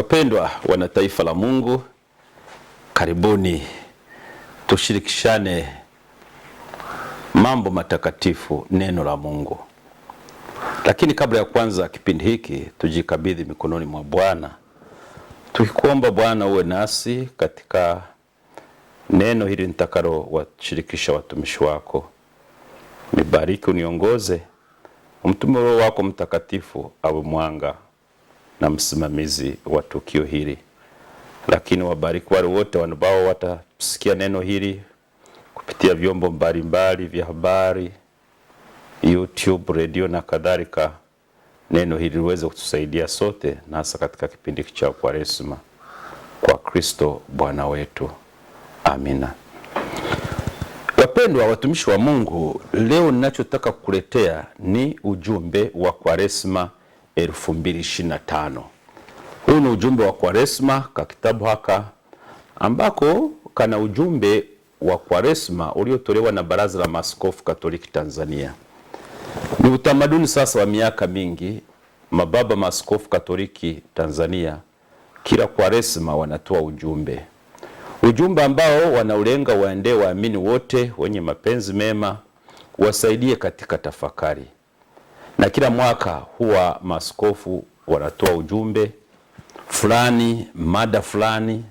Wapendwa wana taifa la Mungu, karibuni tushirikishane mambo matakatifu, neno la Mungu. Lakini kabla ya kuanza kipindi hiki, tujikabidhi mikononi mwa Bwana tukikuomba Bwana uwe nasi katika neno hili nitakalo washirikisha watumishi wako. Nibariki, uniongoze, umtume Roho wako Mtakatifu awe mwanga na msimamizi wa tukio hili. Lakini wabariki wale wote ambao watasikia neno hili kupitia vyombo mbalimbali vya habari, YouTube, redio na kadhalika. Neno hili liweze kutusaidia sote, na hasa katika kipindi cha Kwaresma kwa Kristo Bwana wetu. Amina. Wapendwa watumishi wa Mungu, leo ninachotaka kukuletea ni ujumbe wa Kwaresma 2025. Huu ni ujumbe wa Kwaresma ka kitabu haka ambako kana ujumbe wa Kwaresma uliotolewa na Baraza la Maaskofu Katoliki Tanzania. Ni utamaduni sasa wa miaka mingi, mababa maaskofu Katoliki Tanzania kila Kwaresma wanatoa ujumbe, ujumbe ambao wanaulenga waendee waamini wote wenye mapenzi mema, wasaidie katika tafakari na kila mwaka huwa maskofu wanatoa ujumbe fulani, mada fulani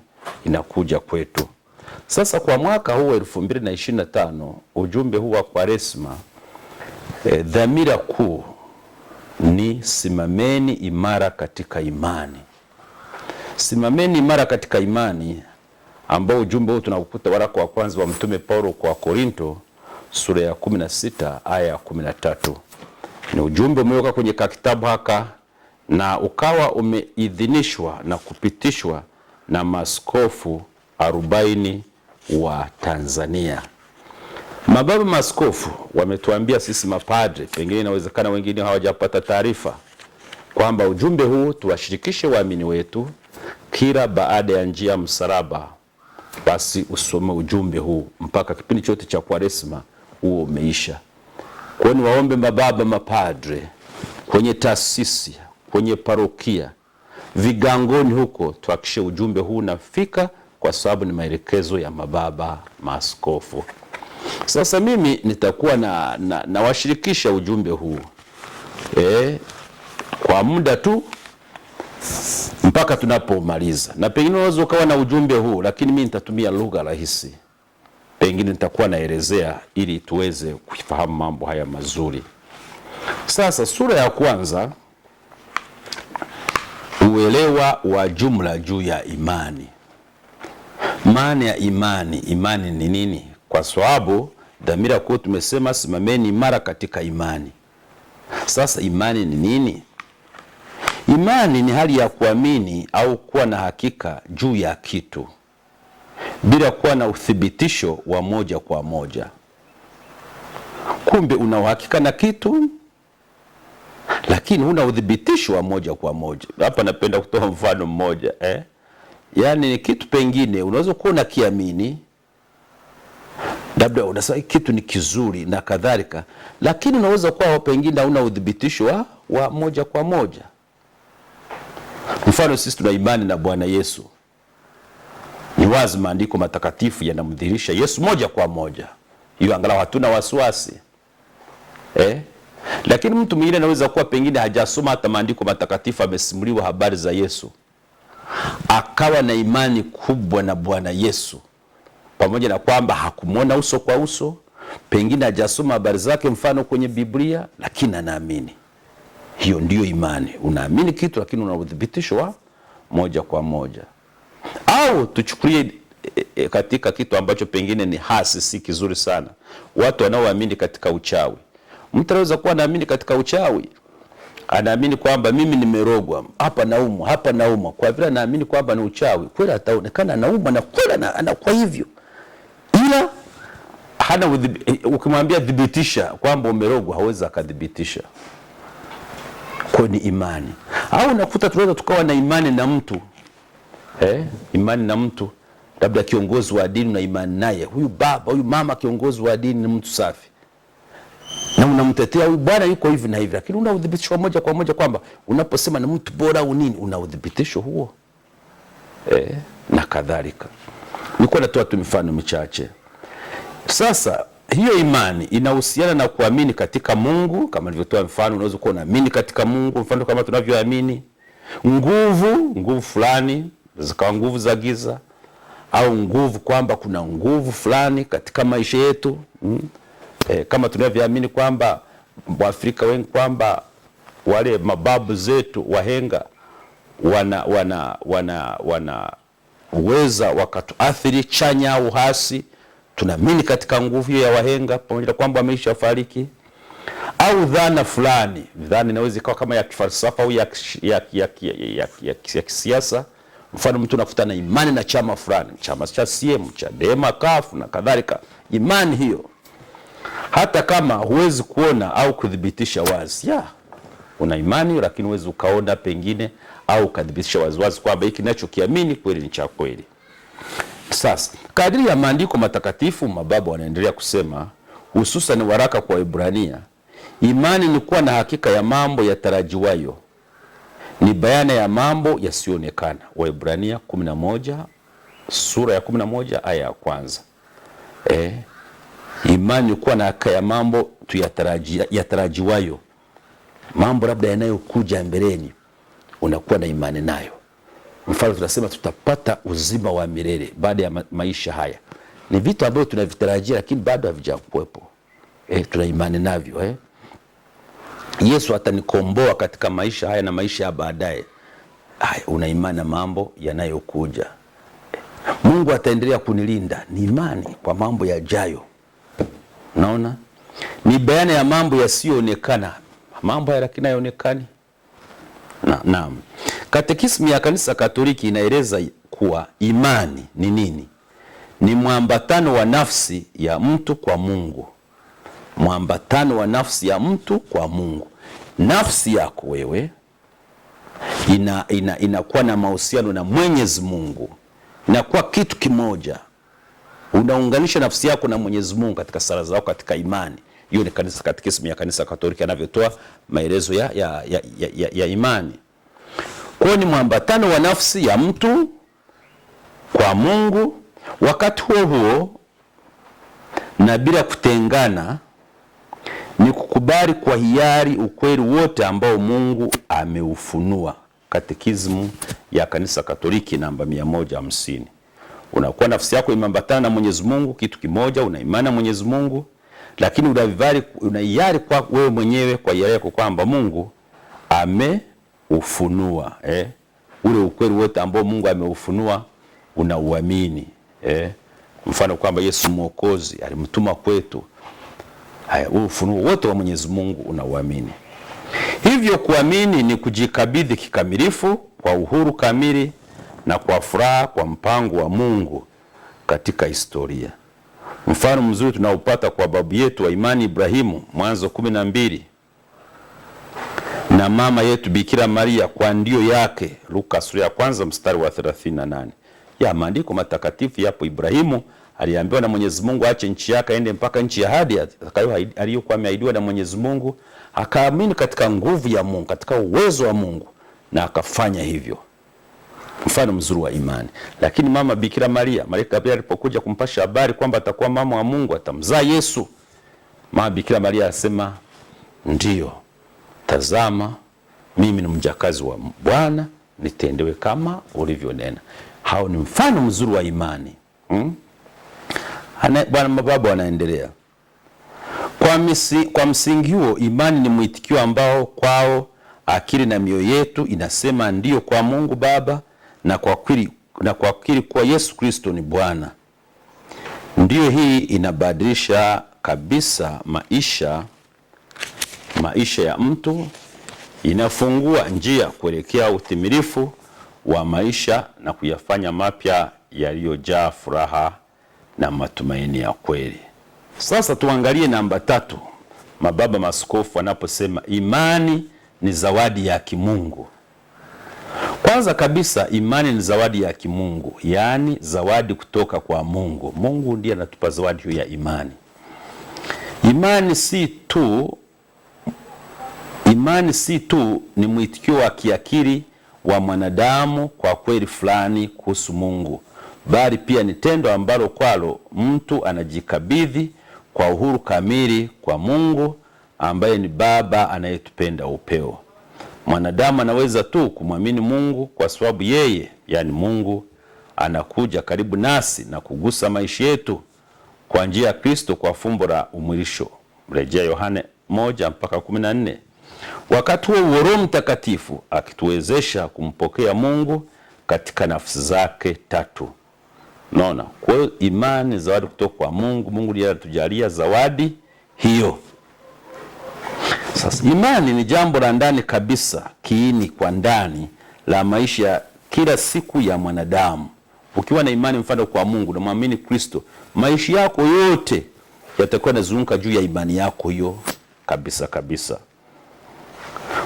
inakuja kwetu. Sasa kwa mwaka huu 2025 ujumbe huu wa Kwaresma e, dhamira kuu ni simameni imara katika imani. Simameni imara katika imani ambao ujumbe huu tunakukuta waraka wa kwanza wa Mtume Paulo kwa Korinto sura ya 16 aya ya 13. Ni ujumbe umeweka kwenye kakitabu haka na ukawa umeidhinishwa na kupitishwa na maskofu arobaini wa Tanzania. Mababa maskofu wametuambia sisi mapadre pengine inawezekana wengine hawajapata taarifa, kwamba ujumbe huu tuwashirikishe waamini wetu kila baada ya njia msalaba, basi usome ujumbe huu mpaka kipindi chote cha Kwaresma huo umeisha. Kwa ni niwaombe mababa mapadre kwenye taasisi, kwenye parokia, vigangoni huko, tuakishe ujumbe huu unafika, kwa sababu ni maelekezo ya mababa maaskofu. Sasa mimi nitakuwa na nawashirikisha na ujumbe huu e, kwa muda tu mpaka tunapomaliza, na pengine unaweza ukawa na ujumbe huu, lakini mimi nitatumia lugha rahisi pengine nitakuwa naelezea ili tuweze kufahamu mambo haya mazuri. Sasa sura ya kwanza, uelewa wa jumla juu ya imani. Maana ya imani, imani ni nini? Kwa sababu dhamira kuu tumesema simameni imara katika imani. Sasa imani ni nini? Imani ni hali ya kuamini au kuwa na hakika juu ya kitu bila kuwa na uthibitisho wa moja kwa moja. Kumbe una uhakika na kitu lakini huna udhibitisho wa moja kwa moja. Hapa napenda kutoa mfano mmoja eh? Yaani ni kitu pengine unaweza kuwa unakiamini, labda unasema kitu ni kizuri na kadhalika, lakini unaweza kuwa pengine hauna udhibitisho wa, wa moja kwa moja. Mfano sisi tuna imani na Bwana Yesu wazi maandiko matakatifu yanamdhihirisha Yesu moja kwa moja, hiyo angalau hatuna wasiwasi eh? Lakini mtu mwingine anaweza kuwa pengine hajasoma hata maandiko matakatifu, amesimuliwa habari za Yesu akawa na imani kubwa na Bwana Yesu, pamoja na kwamba hakumwona uso kwa uso, pengine hajasoma habari zake mfano kwenye Biblia, lakini anaamini. Hiyo ndiyo imani, unaamini kitu lakini una uthibitisho wa moja kwa moja au tuchukulie e, e, katika kitu ambacho pengine ni hasi, si kizuri sana, watu wanaoamini katika uchawi. Mtu anaweza kuwa anaamini katika uchawi, anaamini kwamba mimi nimerogwa hapa, naumwa hapa, naumwa kwa vile anaamini kwamba ni uchawi. Kweli ataonekana anaumwa na kweli anakuwa hivyo, ila hana eh, ukimwambia thibitisha kwamba umerogwa, hawezi akathibitisha. Kwa ni imani, au nakuta tunaweza tukawa na imani na mtu eh, imani na mtu labda kiongozi wa dini una imani naye, huyu baba huyu mama kiongozi wa dini ni mtu safi, na unamtetea huyu bwana yuko hivi na hivi, lakini una udhibitisho moja kwa moja kwamba unaposema ni mtu bora au nini, una udhibitisho huo eh, na kadhalika. Nilikuwa natoa tu mifano michache. Sasa hiyo imani inahusiana na kuamini katika Mungu, kama nilivyotoa mfano. Unaweza kuwa unaamini katika Mungu, mfano kama tunavyoamini nguvu, nguvu fulani zikawa nguvu za giza au nguvu kwamba kuna nguvu fulani katika maisha yetu mm. E, kama tunavyoamini kwamba Waafrika wengi kwamba wale mababu zetu wahenga wana wana wana wana uweza wakatuathiri chanya au hasi. Tunaamini katika nguvu hiyo ya wahenga, pamoja na kwamba wameisha fariki, au dhana fulani, dhana inaweza ikawa kama ya kifalsafa au ya, ya, ya, ya, ya, ya, ya, ya kisiasa Mfano, mtu nakuta na imani na chama fulani, chama cha CCM, Chadema, kafu na kadhalika. Imani hiyo hata kama huwezi kuona au kudhibitisha wazi ya una imani, lakini huwezi ukaona pengine au ukadhibitisha waziwazi kwamba hiki ninachokiamini kweli ni cha kweli. Sasa kadiri ya maandiko matakatifu, mababu wanaendelea kusema, hususan waraka kwa Ibrania, imani ni kuwa na hakika ya mambo yatarajiwayo ni bayana ya mambo yasiyoonekana. Waebrania 11 sura ya 11 aya ya kwanza. Eh, imani kuwa na haka ya mambo tuyatarajiwayo, mambo labda yanayokuja mbeleni, unakuwa na imani nayo. Mfano tunasema tutapata uzima wa milele baada ya maisha haya, ni vitu ambavyo tunavitarajia lakini bado havijakuwepo. Eh, tuna imani navyo eh. Yesu atanikomboa katika maisha haya na maisha ya baadaye. Haya, una imani na mambo yanayokuja. Mungu ataendelea kunilinda, ni imani kwa mambo yajayo. naona ni bayana ya mambo yasiyoonekana, mambo haya lakini hayaonekani. Naam na. Katekismu ya Kanisa Katoliki inaeleza kuwa imani ni nini? Ni mwambatano wa nafsi ya mtu kwa Mungu mwambatano wa nafsi ya mtu kwa Mungu. Nafsi yako wewe inakuwa ina, ina na mahusiano na Mwenyezi Mungu, inakuwa kitu kimoja. Unaunganisha nafsi yako na Mwenyezi Mungu katika sala zako, katika imani. Hiyo ni kanisa, katekisimu ya kanisa Katoliki anavyotoa maelezo ya, ya, ya, ya, ya imani. Kwa ni mwambatano wa nafsi ya mtu kwa Mungu, wakati huo huo na bila kutengana ni kukubali kwa hiari ukweli wote ambao Mungu ameufunua. Katekizmu ya Kanisa Katoliki namba 150. Unakuwa nafsi yako imeambatana na Mwenyezi Mungu, kitu kimoja, una imani na Mwenyezi Mungu, lakini unaivali, unaiari kwa wewe mwenyewe kwa hiari yako kwamba Mungu ameufunua eh? ule ukweli wote ambao Mungu ameufunua unauamini eh? mfano kwamba Yesu Mwokozi alimtuma kwetu Haya, huu ufunuo wote wa Mwenyezi Mungu unauamini. Hivyo kuamini ni kujikabidhi kikamilifu kwa uhuru kamili na kwa furaha kwa mpango wa Mungu katika historia. Mfano mzuri tunaupata kwa babu yetu wa imani Ibrahimu, Mwanzo kumi na mbili, na mama yetu Bikira Maria kwa ndio yake, Luka sura ya kwanza mstari wa 38 ya maandiko matakatifu yapo. Ibrahimu aliambiwa na Mwenyezi Mungu aache nchi yake aende mpaka nchi ya ahadi aliyokuwa ameahidiwa na Mwenyezi Mungu, akaamini katika nguvu ya Mungu, katika uwezo wa Mungu na akafanya hivyo, mfano mzuri wa imani. Lakini mama Bikira Maria, malaika Gabriel alipokuja kumpasha habari kwamba atakuwa mama wa Mungu, atamzaa Yesu, mama Bikira Maria alisema ndiyo, tazama mimi ni mjakazi wa Bwana, nitendewe kama ulivyonena. Hao ni mfano mzuri wa imani hmm? Bwana mababu anaendelea kwa, misi, kwa msingi huo imani ni mwitikio ambao kwao akili na mioyo yetu inasema ndiyo kwa Mungu Baba na kwa kweli na kwa kiri kuwa Yesu Kristo ni Bwana. Ndiyo hii inabadilisha kabisa maisha maisha ya mtu, inafungua njia kuelekea utimilifu wa maisha na kuyafanya mapya yaliyojaa furaha na matumaini ya kweli. Sasa tuangalie namba tatu, mababa maskofu wanaposema imani ni zawadi ya kimungu. Kwanza kabisa imani ni zawadi ya kimungu, yaani zawadi kutoka kwa Mungu. Mungu ndiye anatupa zawadi hiyo ya imani. Imani si tu imani si tu ni mwitikio wa kiakili wa mwanadamu kwa kweli fulani kuhusu Mungu, bali pia ni tendo ambalo kwalo mtu anajikabidhi kwa uhuru kamili kwa Mungu ambaye ni Baba anayetupenda upeo. Mwanadamu anaweza tu kumwamini Mungu kwa sababu yeye, yani Mungu, anakuja karibu nasi na kugusa maisha yetu kwa njia ya Kristo kwa fumbo la umwilisho, rejea Yohane moja mpaka kumi na nne. Wakati huo huo, Roho Mtakatifu akituwezesha kumpokea Mungu katika nafsi zake tatu. naona kwa hiyo imani zawadi kutoka kwa Mungu. Mungu ndiye anatujalia zawadi hiyo. Sasa imani ni jambo la ndani kabisa, kiini kwa ndani la maisha kila siku ya mwanadamu. Ukiwa na imani mfano kwa Mungu na muamini Kristo, maisha yako yote yatakuwa yanazunguka juu ya imani yako hiyo kabisa kabisa.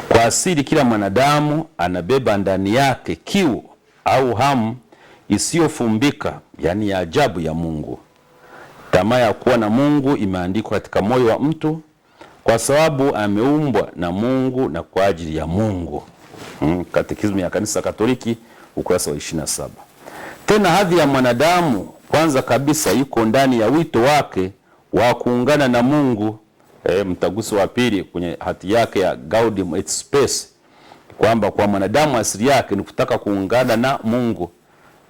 Kwa asili kila mwanadamu anabeba ndani yake kiu au hamu isiyofumbika, yaani ya ajabu ya Mungu. Tamaa ya kuwa na Mungu imeandikwa katika moyo wa mtu kwa sababu ameumbwa na Mungu na kwa ajili ya Mungu. Hmm, Katekismu ya Kanisa Katoliki ukurasa wa 27. Tena hadhi ya mwanadamu kwanza kabisa iko ndani ya wito wake wa kuungana na Mungu eh, Mtaguso wa Pili kwenye hati yake ya Gaudium et Spes kwamba kwa mwanadamu asili yake ni kutaka kuungana na Mungu.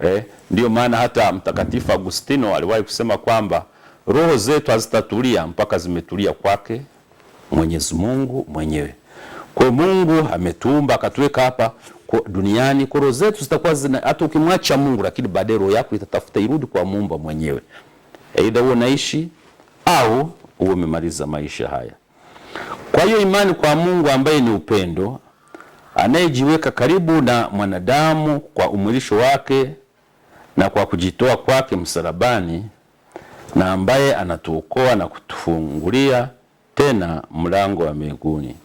Eh, ndiyo maana hata Mtakatifu Agustino aliwahi kusema kwamba roho zetu hazitatulia mpaka zimetulia kwake Mwenyezi Mungu mwenyewe. Kwa Mungu ametuumba akatuweka hapa kwa duniani, kwa roho zetu zitakuwa zina, hata ukimwacha Mungu, lakini baadaye roho yako itatafuta irudi kwa muumba mwenyewe, aidha huo naishi au uwe umemaliza maisha haya. Kwa hiyo imani kwa Mungu ambaye ni upendo, anayejiweka karibu na mwanadamu kwa umwilisho wake na kwa kujitoa kwake msalabani, na ambaye anatuokoa na kutufungulia tena mlango wa mbinguni,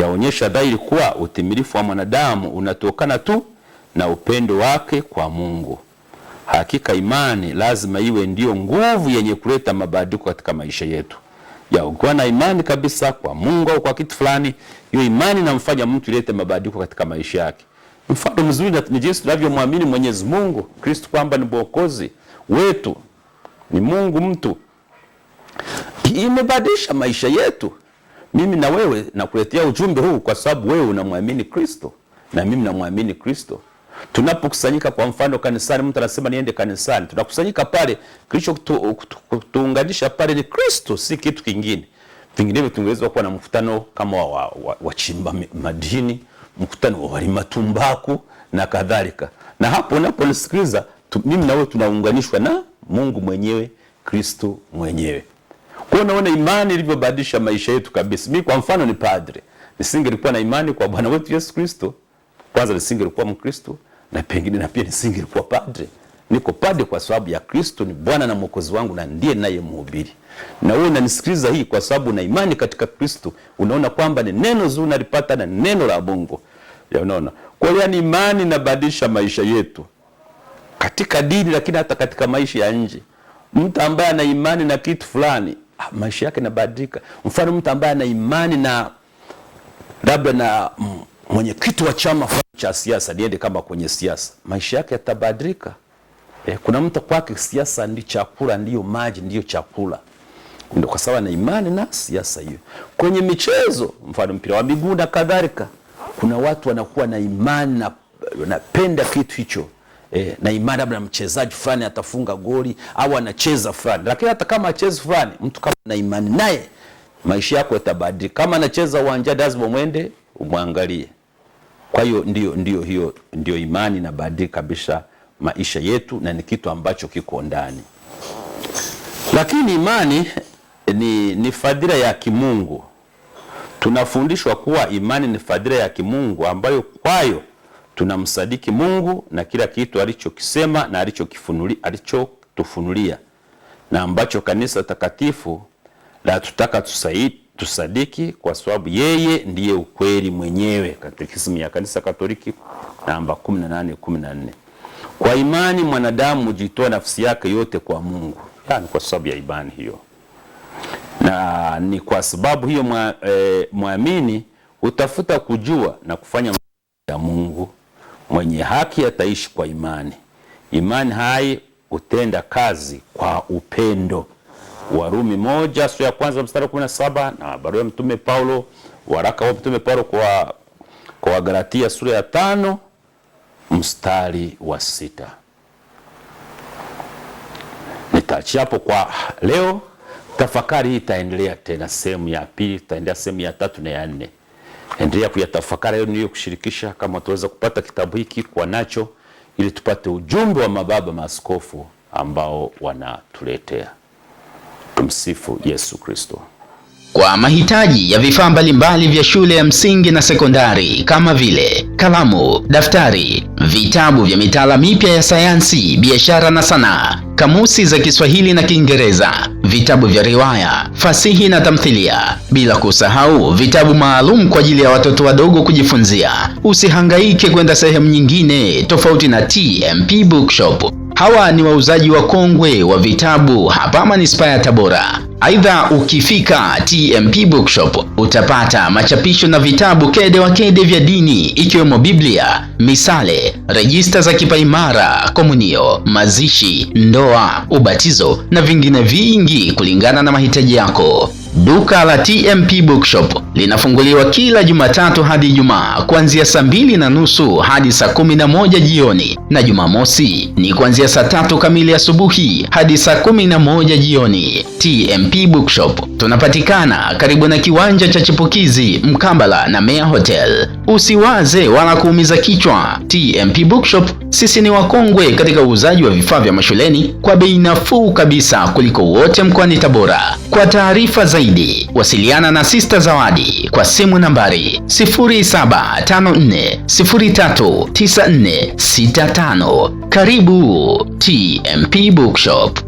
yaonyesha dhahiri kuwa utimilifu wa mwanadamu unatokana tu na upendo wake kwa Mungu. Hakika imani lazima iwe ndiyo nguvu yenye kuleta mabadiliko katika maisha yetu. Ya ukiwa na imani kabisa kwa Mungu au kwa kitu fulani, hiyo imani inamfanya mtu ilete mabadiliko katika maisha yake. Mfano mzuri ni jinsi tunavyomwamini Mwenyezi Mungu Kristo kwamba ni Mwokozi wetu, ni Mungu mtu. Imebadilisha maisha yetu. Mimi na wewe nakuletea ujumbe huu kwa sababu wewe unamwamini Kristo na mimi namwamini Kristo. Tunapokusanyika kwa mfano kanisani, mtu anasema niende kanisani, tunakusanyika pale, Kilicho kutuunganisha pale ni Kristo, si kitu kingine. Vinginevyo tungeweza kuwa na mkutano kama wachimba wa, wa, wa madini, mkutano wa walima tumbaku na kadhalika. Na hapo unaponisikiliza mimi na wewe tunaunganishwa na Mungu mwenyewe, Kristo mwenyewe. Kwa naona imani ilivyobadilisha maisha yetu kabisa. Mimi kwa mfano ni padre, nisingelikuwa na imani kwa Bwana wetu Yesu Kristo kwanza nisingelikuwa Mkristo na pengine na pia nisingelikuwa padre. Niko padre kwa sababu ya Kristo ni Bwana na Mwokozi wangu na ndiye naye mhubiri. Na wewe unanisikiliza hii kwa sababu una imani katika Kristo, unaona kwamba ni neno zuri nalipata na neno la Mungu. Ya unaona. Kwa hiyo ni imani inabadilisha maisha yetu. Katika dini lakini hata katika maisha ya nje. Mtu ambaye ana imani na kitu fulani, ah, maisha yake yanabadilika. Mfano mtu ambaye ana imani na labda na mm, mwenyekiti wa chama cha siasa niende kama kwenye siasa, maisha yake yatabadilika. E, kuna mtu kwake siasa ndio chakula, ndiyo maji, ndiyo chakula ndio kwa sababu na imani na siasa hiyo. Kwenye michezo, mfano mpira wa miguu na kadhalika, kuna watu wanakuwa na imani na wanapenda kitu hicho e, na imani labda mchezaji fulani atafunga goli au anacheza fulani, lakini hata kama achezi fulani, mtu kama na imani naye, maisha yako yatabadilika. Kama anacheza uwanjani, lazima mwende umwangalie. Kwa hiyo ndio, ndio hiyo ndio imani inabadili kabisa maisha yetu, na ni kitu ambacho kiko ndani. Lakini imani ni, ni fadhila ya kimungu. Tunafundishwa kuwa imani ni fadhila ya kimungu ambayo kwayo tunamsadiki Mungu na kila kitu alichokisema na alichokifunulia alichotufunulia na ambacho kanisa takatifu la tutaka tusaidi tusadiki kwa sababu yeye ndiye ukweli mwenyewe. Katekisimu ya Kanisa Katoliki namba 1814. Kwa imani mwanadamu hujitoa nafsi yake yote kwa Mungu, yani kwa sababu ya imani hiyo, na ni kwa sababu hiyo mwa, e, mwamini hutafuta kujua na kufanya ya Mungu. Mwenye haki ataishi kwa imani. Imani hai hutenda kazi kwa upendo. Warumi moja sura ya kwanza mstari 17 na barua ya mtume Paulo, waraka wa mtume Paulo kwa kwa Wagalatia sura ya tano mstari wa sita. Nitaachia hapo kwa leo. Tafakari hii itaendelea tena sehemu ya pili, tutaendelea sehemu ya tatu na ya nne. Endelea kuyatafakari hayo kushirikisha, kama tuweza kupata kitabu hiki kwa nacho, ili tupate ujumbe wa mababa maaskofu ambao wanatuletea. Tumsifu Yesu Kristo. Kwa mahitaji ya vifaa mbalimbali vya shule ya msingi na sekondari kama vile kalamu, daftari, vitabu vya mitaala mipya ya sayansi, biashara na sanaa, kamusi za Kiswahili na Kiingereza, vitabu vya riwaya, fasihi na tamthilia, bila kusahau vitabu maalum kwa ajili ya watoto wadogo kujifunzia. Usihangaike kwenda sehemu nyingine tofauti na TMP Bookshop. Hawa ni wauzaji wakongwe wa vitabu hapa manispaa ya Tabora. Aidha, ukifika TMP Bookshop utapata machapisho na vitabu kede wa kede vya dini ikiwemo Biblia, misale, rejista za kipaimara, komunio, mazishi, ndoa, ubatizo na vingine vingi kulingana na mahitaji yako. Duka la TMP Bookshop linafunguliwa kila Jumatatu hadi Ijumaa kuanzia saa mbili na nusu hadi saa kumi na moja jioni na Jumamosi ni kuanzia saa tatu kamili asubuhi hadi saa kumi na moja jioni. TMP Bookshop Tunapatikana karibu na kiwanja cha Chipukizi mkambala na Mea Hotel. Usiwaze wala kuumiza kichwa. TMP Bookshop, sisi ni wakongwe katika uuzaji wa vifaa vya mashuleni kwa bei nafuu kabisa kuliko wote mkoani Tabora. Kwa taarifa zaidi, wasiliana na Sista Zawadi kwa simu nambari 0754039465. Karibu TMP Bookshop.